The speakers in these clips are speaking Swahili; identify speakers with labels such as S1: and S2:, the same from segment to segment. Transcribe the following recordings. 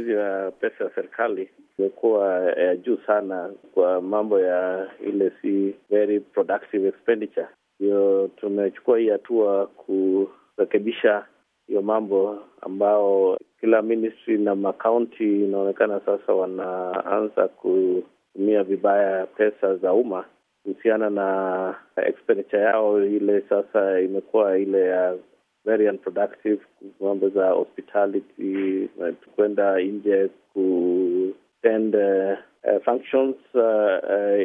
S1: matumizi ya uh, pesa ya serikali imekuwa uh, ya juu sana kwa mambo ya ile si very productive expenditure. Hiyo tumechukua hii hatua kurekebisha hiyo mambo, ambao kila ministry na makaunti inaonekana sasa wanaanza kutumia vibaya pesa za umma kuhusiana na expenditure yao. Ile sasa imekuwa ile ya very unproductive, mambo za hospitality, eh, kwenda nje kuend uh, eh, eh, functions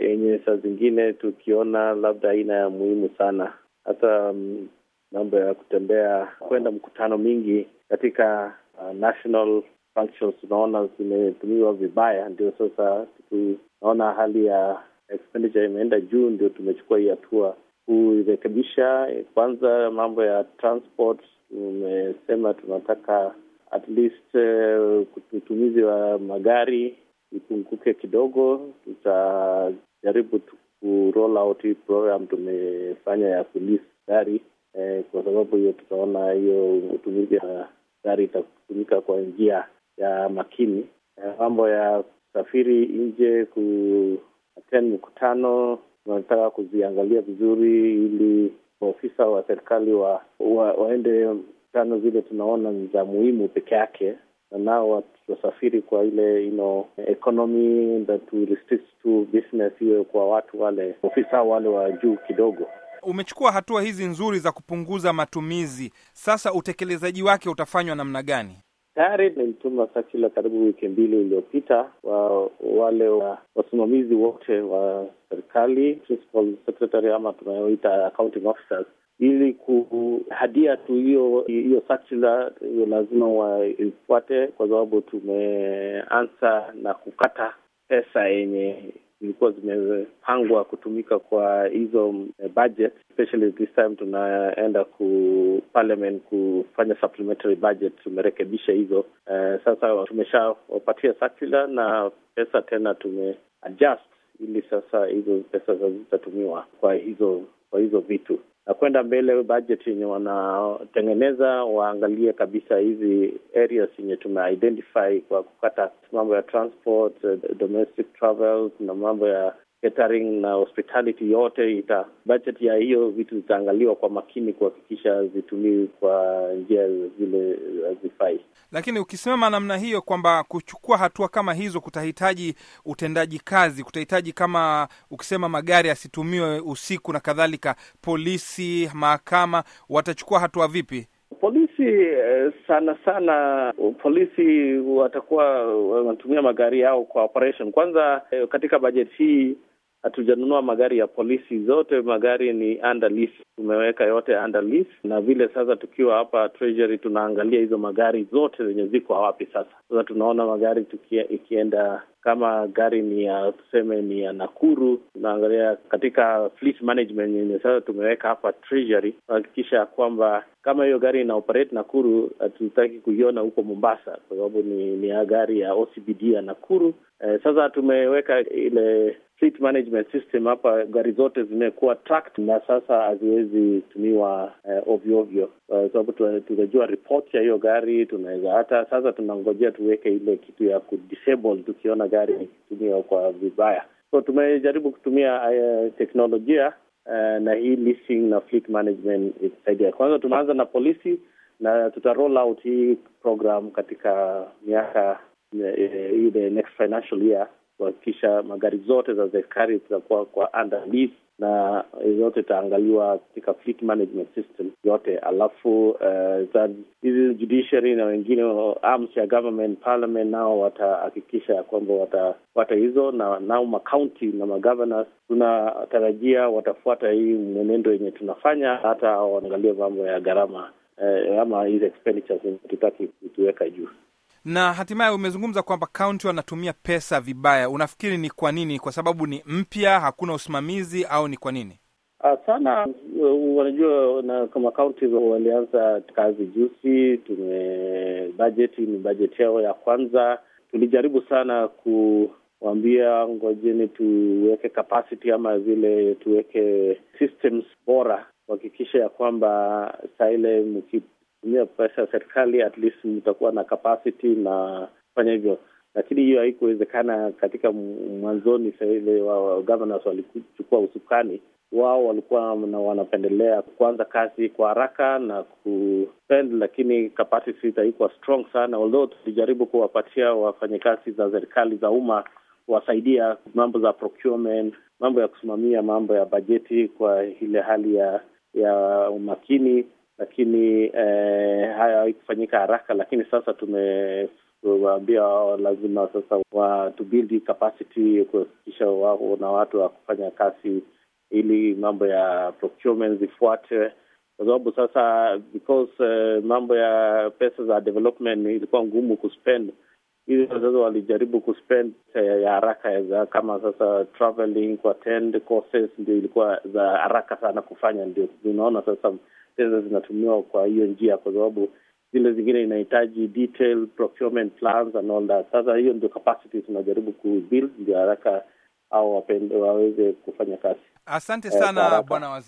S1: yenye uh, uh, saa zingine tukiona labda aina ya muhimu sana hata um, mambo ya kutembea kwenda mkutano mingi katika uh, national functions tunaona zimetumiwa vibaya, ndio sasa tunaona hali ya expenditure imeenda juu, ndio tumechukua hii hatua kuirekebisha. Eh, kwanza mambo ya transport, tumesema tunataka at least eh, utumizi wa magari ipunguke kidogo. Tutajaribu ku roll out hii program tumefanya ya kulisi gari eh, kwa sababu hiyo tutaona hiyo utumizi wa gari itatumika kwa njia ya makini. Eh, mambo eh, ya safiri nje, ku attend mkutano wanataka kuziangalia vizuri, ili maofisa wa serikali wa, wa, waende tano zile tunaona ni za muhimu peke yake, na nao wasafiri kwa ile you know, economy that we restrict to business hiyo kwa watu wale ofisa wale wa juu kidogo.
S2: Umechukua hatua hizi nzuri za kupunguza matumizi, sasa utekelezaji wake utafanywa namna gani? Tayari
S1: nilituma sakila karibu wiki mbili iliyopita wa wale wa wasimamizi wote wa serikali, principal secretary ama tunayoita accounting officers, ili kuhadia tu hiyo hiyo saktila hiyo, lazima waifuate, kwa sababu tumeanza na kukata pesa yenye zilikuwa zimepangwa kutumika kwa hizo eh, budget, especially this time tunaenda ku parliament kufanya supplementary budget, tumerekebisha hizo. Uh, sasa tumeshawapatia circular na pesa tena tume adjust ili sasa hizo pesa zitatumiwa kwa hizo kwa hizo vitu na kwenda mbele, bajeti yenye wanatengeneza waangalie kabisa hizi areas yenye tumeidentify kwa kukata mambo ya transport, eh, domestic travel, na mambo ya catering na hospitality yote ita budget ya hiyo vitu zitaangaliwa kwa makini kuhakikisha zitumiwi kwa njia zile hazifai.
S2: Lakini ukisimama namna hiyo kwamba kuchukua hatua kama hizo kutahitaji utendaji kazi, kutahitaji kama ukisema magari asitumiwe usiku na kadhalika, polisi, mahakama watachukua hatua vipi?
S1: Polisi eh, sana sana, polisi watakuwa wanatumia magari yao kwa operation. Kwanza eh, katika bajeti hii hatujanunua magari ya polisi, zote magari ni under lease, tumeweka yote under lease. Na vile sasa tukiwa hapa Treasury tunaangalia hizo magari zote zenye ziko wapi sasa. Sasa tunaona magari tukia, ikienda kama gari ni ya tuseme ni ya Nakuru, tunaangalia katika fleet management yenye sasa tumeweka hapa Treasury kuhakikisha kwamba kama hiyo gari ina operate Nakuru, hatutaki kuiona huko Mombasa kwa sababu ni, ni ya gari ya OCBD ya Nakuru. Eh, sasa tumeweka ile fleet management system hapa gari zote zimekuwa tracked na sasa haziwezi tumiwa eh, ovyo ovyo eh, kwa uh, sababu so, tunajua ripoti ya hiyo gari, tunaweza hata sasa tunangojea tuweke ile kitu ya kudisable tukiona gari ikitumiwa kwa vibaya. So tumejaribu kutumia uh, teknolojia uh, na hii leasing na fleet management Kwanza tumeanza na polisi na tuta roll out hii program katika miaka ile next financial year kuhakikisha magari zote za serikali zitakuwa kwa under lease na yote itaangaliwa katika fleet management system yote, alafu uh, judiciary na wengine arms ya government parliament nao watahakikisha ya kwamba watafuata hizo, na nao makaunti na magavana tunatarajia watafuata hii mwenendo yenye tunafanya, hata waangalie mambo ya gharama uh, ama hizi expenditures tutaki kutuweka juu
S2: na hatimaye umezungumza kwamba kaunti wanatumia pesa vibaya. Unafikiri ni kwa nini? Kwa sababu ni mpya, hakuna usimamizi, au ni kwa nini?
S1: Ah, sana wanajua na kama kaunti walianza kazi juzi, tume bajeti ni bajeti yao ya kwanza. Tulijaribu sana kuwambia ngojeni, tuweke capacity ama vile tuweke systems bora kuhakikisha ya kwamba saa ile kutumia pesa ya serikali, at least mtakuwa na capacity na kufanya hivyo, lakini hiyo haikuwezekana katika mwanzoni. Saile wa governors walichukua usukani wao walikuwa wanapendelea kuanza kazi kwa haraka na kuspend, lakini capacity haikuwa strong sana, although tulijaribu kuwapatia wafanyakazi za serikali za umma kuwasaidia mambo za procurement, mambo ya kusimamia mambo ya bajeti kwa ile hali ya ya umakini, lakini eh, haya haikufanyika haraka, lakini sasa tume tumewaambia lazima sasa wa to build capacity kuhakikisha na watu wa kufanya kazi ili mambo ya procurement zifuate kwa sababu sasa because uh, mambo ya pesa za development ilikuwa ngumu kuspend hizo. Sasa walijaribu kuspend uh, ya haraka za kama sasa traveling, kuattend courses, ndio ilikuwa za haraka sana kufanya, ndio unaona sasa pesa zinatumiwa kwa hiyo njia, kwa sababu zile zingine inahitaji detail procurement plans and all that. Sasa hiyo ndio capacity tunajaribu kubuild ndio haraka au waweze kufanya kazi.
S2: Asante eh, sana eh, bwana